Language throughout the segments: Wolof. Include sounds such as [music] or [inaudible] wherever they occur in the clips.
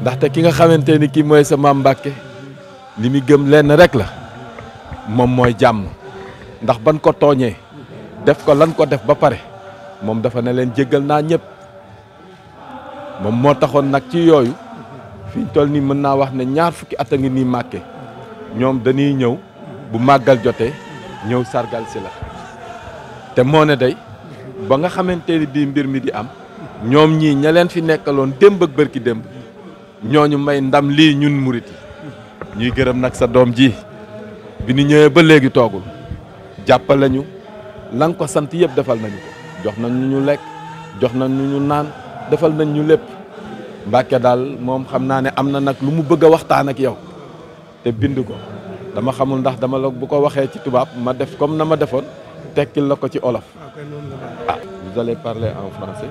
ndaxte ki nga xamante ni kii mooy sa maam Mbàkke li mu gëm lenn rek la moom mooy jàmm ndax ban ko tooñee def ko lan ko def ba pare moom dafa ne leen jéggal naa ñëpp moom moo taxoon nag ci yooyu fi ñu ni mën naa wax ne ñaar fukki at a ngi nii màkke ñoom dañuy ñëw bu màggal jotee ñëw sargal si la te moo ne day ba nga xamante ni bii mbir mi di am ñoom ñii ña leen fi nekkaloon démb ak bërki démb ñooñu may ndam lii ñun murit yi ñuy gërëm nag sa doom ji bi ñu ñëwee ba léegi toogul jàppale ñu la ko sant yëpp defal nañu jox nañ nu ñu lekk jox na nu ñu naan defal nañ ñu lépp Mbàkke daal moom xam naa ne am na nag lu mu bëgg a waxtaan ak yow te bind ko dama xamul ndax dama la bu ko waxee ci tubaab ma def comme na ma defoon tekkil la ko ci olof ah, ah vous en français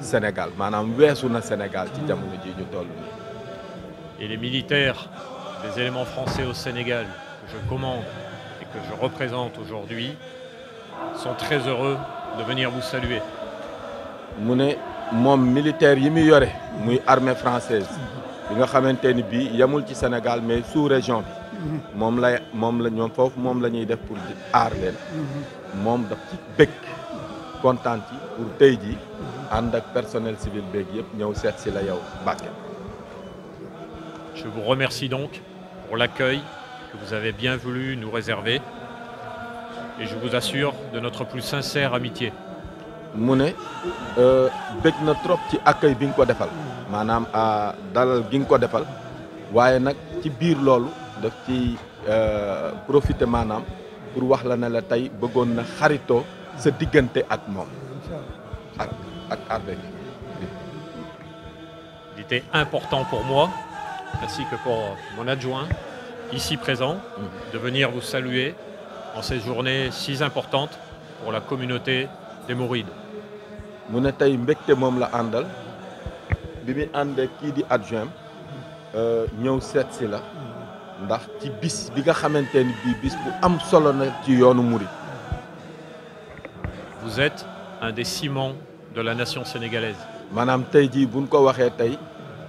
Sénégal maanaam weesu na Sénégal ci jamono ji ñu toll nii. Et les militaires des éléments français au Sénégal que je commande et que je représente aujourd'hui sont très heureux de venir vous saluer. mu ne moom militaire yi muy yore muy armée française bi nga xamante ni bii yemul ci Sénégal mais sous région bi. la lay moom la ñoom moom la ñuy def pour aar leen. moom daf kontaan ci pour tey ji ànd ak personnel civil beeg yëpp ñëw seet si la yow Mbacké. Je vous remercie donc pour l'accueil que vous avez bien voulu nous réserver et je vous assure de notre plus sincère amitié. mu ne euh, bëgg na trop ci accueil bi nga ko defal maanaam dalal gi nga ko defal waaye nag ci biir loolu def ci euh, profiter maanaam pour wax la ne la tey bëggoon na xaritoo sa diggante ak moom ak ak avec il était important pour moi ainsi que pour mon adjoint ici présent mm-hmm. de venir vous saluer en ces journées si importantes pour la communauté des Mourides mu ne tey mbégte moom la àndal bi mi àndee kii di adjoint euh, ñëw seet si la ndax ci bis bi nga xamante ni bii bis bu am solo na ci yoonu Mouride vous êtes un des ciments de la nation sénégalaise. maanaam tey jii buñ ko waxee tey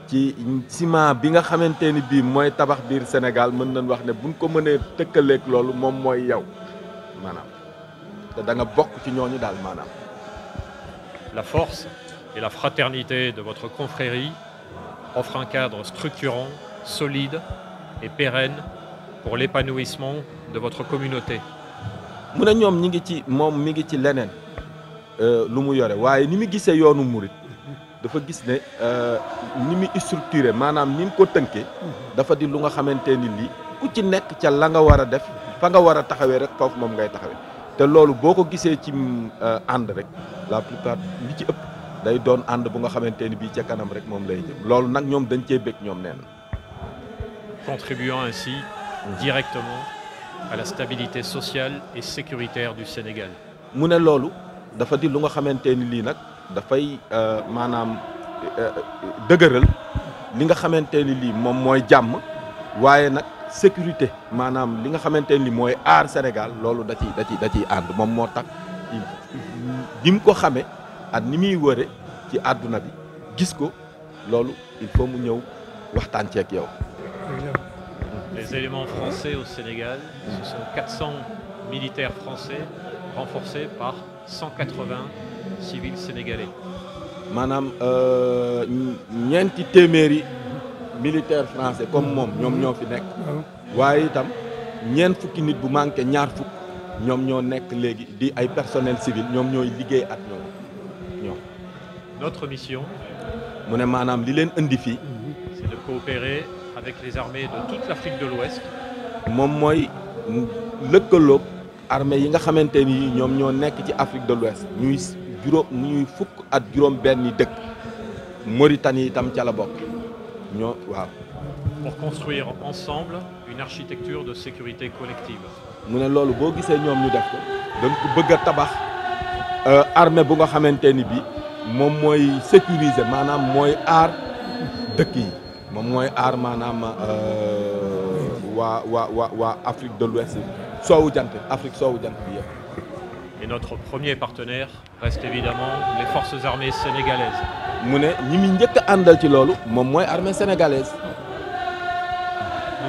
ci ciment bi nga xamante ni bii mooy tabax biir Sénégal mën nañ wax ne buñ ko mënee tëkkaleek loolu moom mooy yow maanaam te da bokk ci ñooñu daal maanaam. La force et la fraternité de votre confrérie offrent un cadre structurant, solide et pérenne pour l'épanouissement de votre communauté. mu ne ñoom ñi ngi ci moom mi ngi ci leneen. Euh, lu mu yore waaye ni mu gisee yoonu murit dafa gis ne euh, ni mu structuré maanaam ni mu ko tënkee dafa di lu nga xamante ni lii ku ci nekk ca la nga war a def fa nga war a taxawee rek foofu moom ngay taxawee te loolu boo ko gisee ci euh, ànd rek la plupart li ci ëpp day doon ànd bu nga xamante ni bii ca kanam rek moom lay jëm loolu nag ñoom dañ cee bëgg ñoom neen contribuant si directement à la stabilité sociale et sécuritaire du Sénégal mu ne loolu dafa di lu nga xamante ni lii nag dafay euh, maanaam euh, euh, dëgëral li nga xamante ni lii moom mooy jàmm waaye nag sécurité maanaam li nga xamante ni mooy aar Sénégal loolu da ciy da da ciy ànd moom moo tax ni mu ko xamee ak ni muy wëre ci àdduna bi gis ko loolu il faut mu ñëw waxtaan ceeg yow. les éléments français au Sénégal ce sont militaires français. renforcée par 180 civils sénégalais. maanaam euh, ñeenti téeméeri militaire français comme moom ñoom ñoo fi nekk. waaye itam ñeent fukki nit bu manqué ñaar fukk ñoom ñoo nekk léegi di ay personnel civil ñoom ñooy liggéey ak ñoom ñoom. notre mission. mu ne maanaam li leen indi fii. c'est de coopérer avec les armées de toute l'Afrique de l'Ouest. moom mooy lëkkaloog. armée yi nga xamante ni ñoom ñoo nekk ci Afrique de l'Ouest ñuy juróom ñuy fukk at juróom benn dëkk Mauritanie itam ca la bokk ñoo waaw pour construire ensemble une architecture de sécurité collective mu ne loolu boo gisee ñoom ñu def ko dañ ko bëgg a tabax euh, armée bu nga xamante ni bi moom mooy sécuriser maanaam mooy aar dëkk yi moom mooy aar maanaam euh, waa waa waa waa Afrique de l'Ouest soowu jant Afrique soowu jant bi yëpp. et notre premier partenaire reste évidemment les forces armées sénégalaises. mu ne ñi muy njëkk àndal ci loolu moom mooy armée sénégalaise.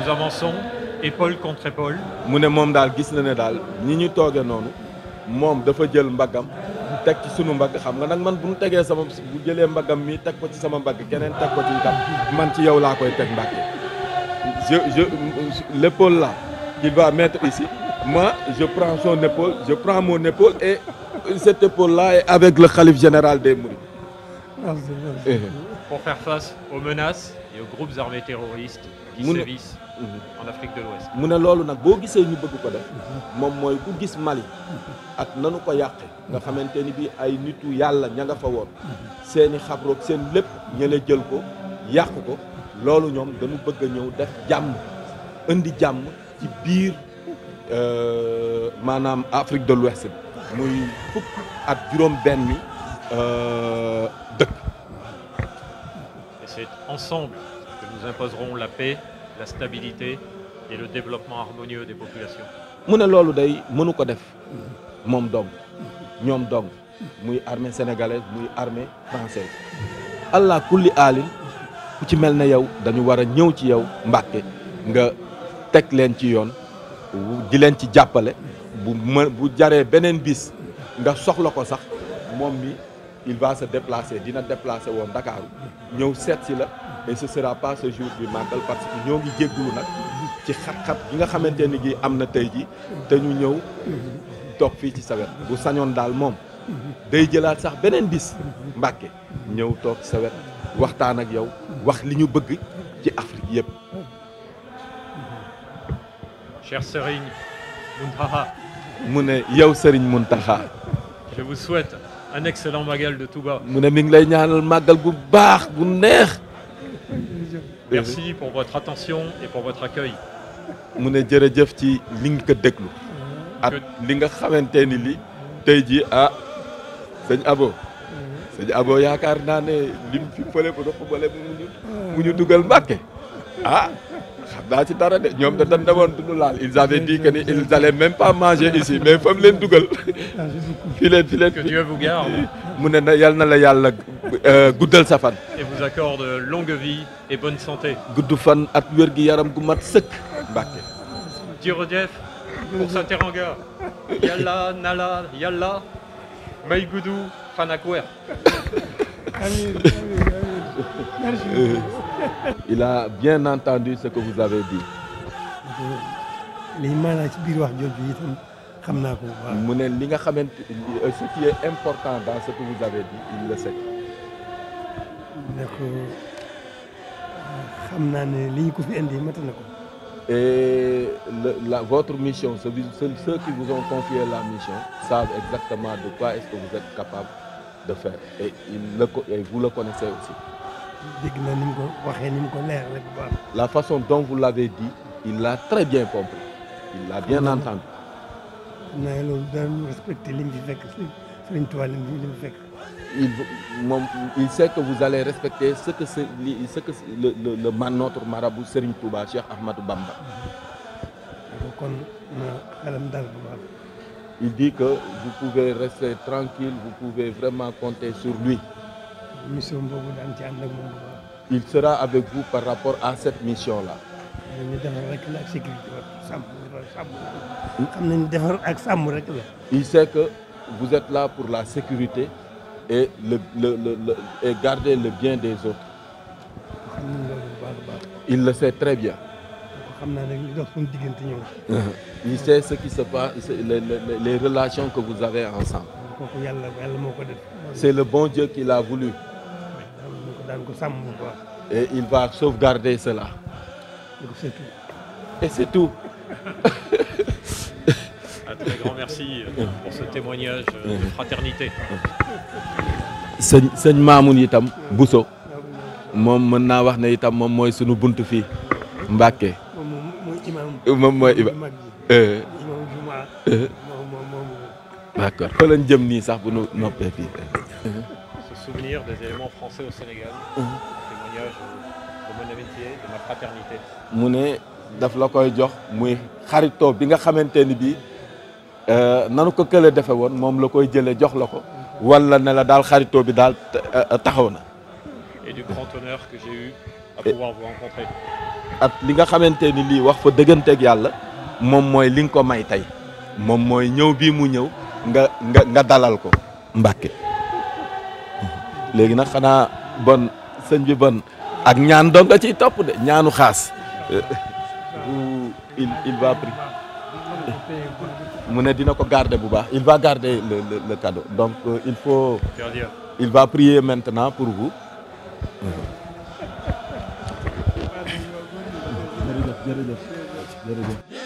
nous avançons épaule contre épaule. mu ne moom daal gis na ne daal ñi ñu tooge noonu moom dafa jël mbaggam teg ci sunu mbagg xam nga nag man bu ñu tegee sama bu jëlee mbaggam mi teg ko ci sama mbagg keneen teg ko ci itam man ci yow laa koy teg mbàkke je je l'épaule là. qu'il va mettre ici. Moi, je prends son épaule, je prends mon épaule et cette épaule-là le calife général des Mourides. Eh. Pour faire face aux menaces et mu mhm. ne loolu nag boo gisee ñu bëgg ko def moom mooy ku gis Mali ak nanu ko yàq nga xamante ni bi ay nitu yàlla ña nga fa woon seeni xabroog seen lépp ñële jël ko yàq ko loolu ñoom dañu bëgg a ñëw def jàmm indi jàmm ci biir euh, maanaam Afrique de l'Ouest muy fukk ak juróom benn euh, dëkk. Et c'est ensemble que nous imposerons la paix, la stabilité et le développement harmonieux des populations. mu ne loolu day mënu ko def moom dong ñoom dong muy armée sénégalaise muy armée française allah kulli aalin ku ci mel ne yow dañu war a ñëw ci yow Mbàkke teg leen ci yoon ji leen ci jàppale bu më bu jaree beneen bis nga soxla ko sax moom mi il va se dina déplacer woon Ndakaaru ñëw seet si la et ce sera pas ce jour du màggal parce que ñoo ngi jéggulu nag ci xat-xat gi nga xamante ni gi am na tey ji te ñu ñëw toog fii ci sawet bu sañoon daal moom day jëlaat sax beneen bis Mbàkke ñëw toog sawet waxtaan ak yow wax li ñu bëgg ci Afrique yëpp Cher Serigne Muntaha. mu ne yow Serigne Muntaha. Je vous souhaite un excellent Magal de Touba. mu ne mi ngi lay ñaanal màggal bu baax bu neex. Merci mu ne jërëjëf ci li nga ko déglu. ak li nga ni li tey jii ah sëñ Abo. sëñ Abo yaakaar naa lim fi fële ba dox fële mu ñu. mu ñu dugal Mbàkke ah. daa ci dara de ñoom da dañ demoon dund laal ils avaient dit que ni ils allaient même pas manger ici mu leen dugal [laughs] fi leen mu ne na yal na la yàlla euh, guddal sa fan et vous accorde longue gudd fan at wér yaram gu mat sëkk Mbàkke jërëjëf pour sa teranga yàlla na la yàlla may gudd fan ak weer amiin il a bien entendu ce que vous avez dit. li maanaa ci biir wax jooju itam xam naa ko. mu ne li nga xamante ce qui est important dans ce que vous avez dit il le sait. ne ko xam naa ne li ñu ko fi indi mat na ko. et la votre mission ceux ceux qui vous ont confié la mission savent exactement de quoi est-ce que vous êtes capable de faire et vous le connaissez aussi. La façon dont vous l'avez dit, il l'a très bien compris. Il l'a bien mm-hmm. entendu. Il, il, sait que vous allez respecter ce que, ce que le, le, le, notre marabout Serigne Touba, Cheikh Ahmad Bamba. Il dit que vous pouvez rester tranquille, vous pouvez vraiment compter sur lui. mission boobu daan ci ànd ak moom il sera avec vous par rapport à cette mission là. la ak sécurité sàmm hmm? xam nañu ak sàmm rek la. il sait que vous êtes là pour la sécurité et le le le, le et garder le bien des autres. il le sait très bien. xam naa nag li dox diggante ñoom. [laughs] il sait ce qui se passe les les les relations que vous avez ensemble. c'est le bon Dieu qui l'a voulu. daan ko sàmm bu baax. et il euh, euh, sëñ sëñ Mamoune itam Bousso moom mën naa wax ne itam moom mooy sunu bunt fii Mbàkke. moom mooy imaam eh. eh. d'accord fa lañ jëm nii sax bu nu noppee fii. souvenir des éléments français au mhm. mu ne daf la koy jox muy xarito bi nga xamante ni bii euh, nanu ko kële defe woon moom la koy jëlee jox la ko. wala ne la daal xarito bi daal euh, euh, taxaw na. et du grand honneur que j'ai eu à li nga xamante ni lii wax fa dëgganteek yàlla moom mooy li nga ko may tey moom mooy ñëw bii mu ñëw nga nga nga dalal ko Mbàkke léegi nag xanaa bon sëñ bi bon ak ñaan dong nga ciy de ñaanu xaas. [laughs] il il va pri mu ne dina ko garde bu baax il va garder le cadeau donc euh, il faut. il va prier maintenant pour vous. [laughs]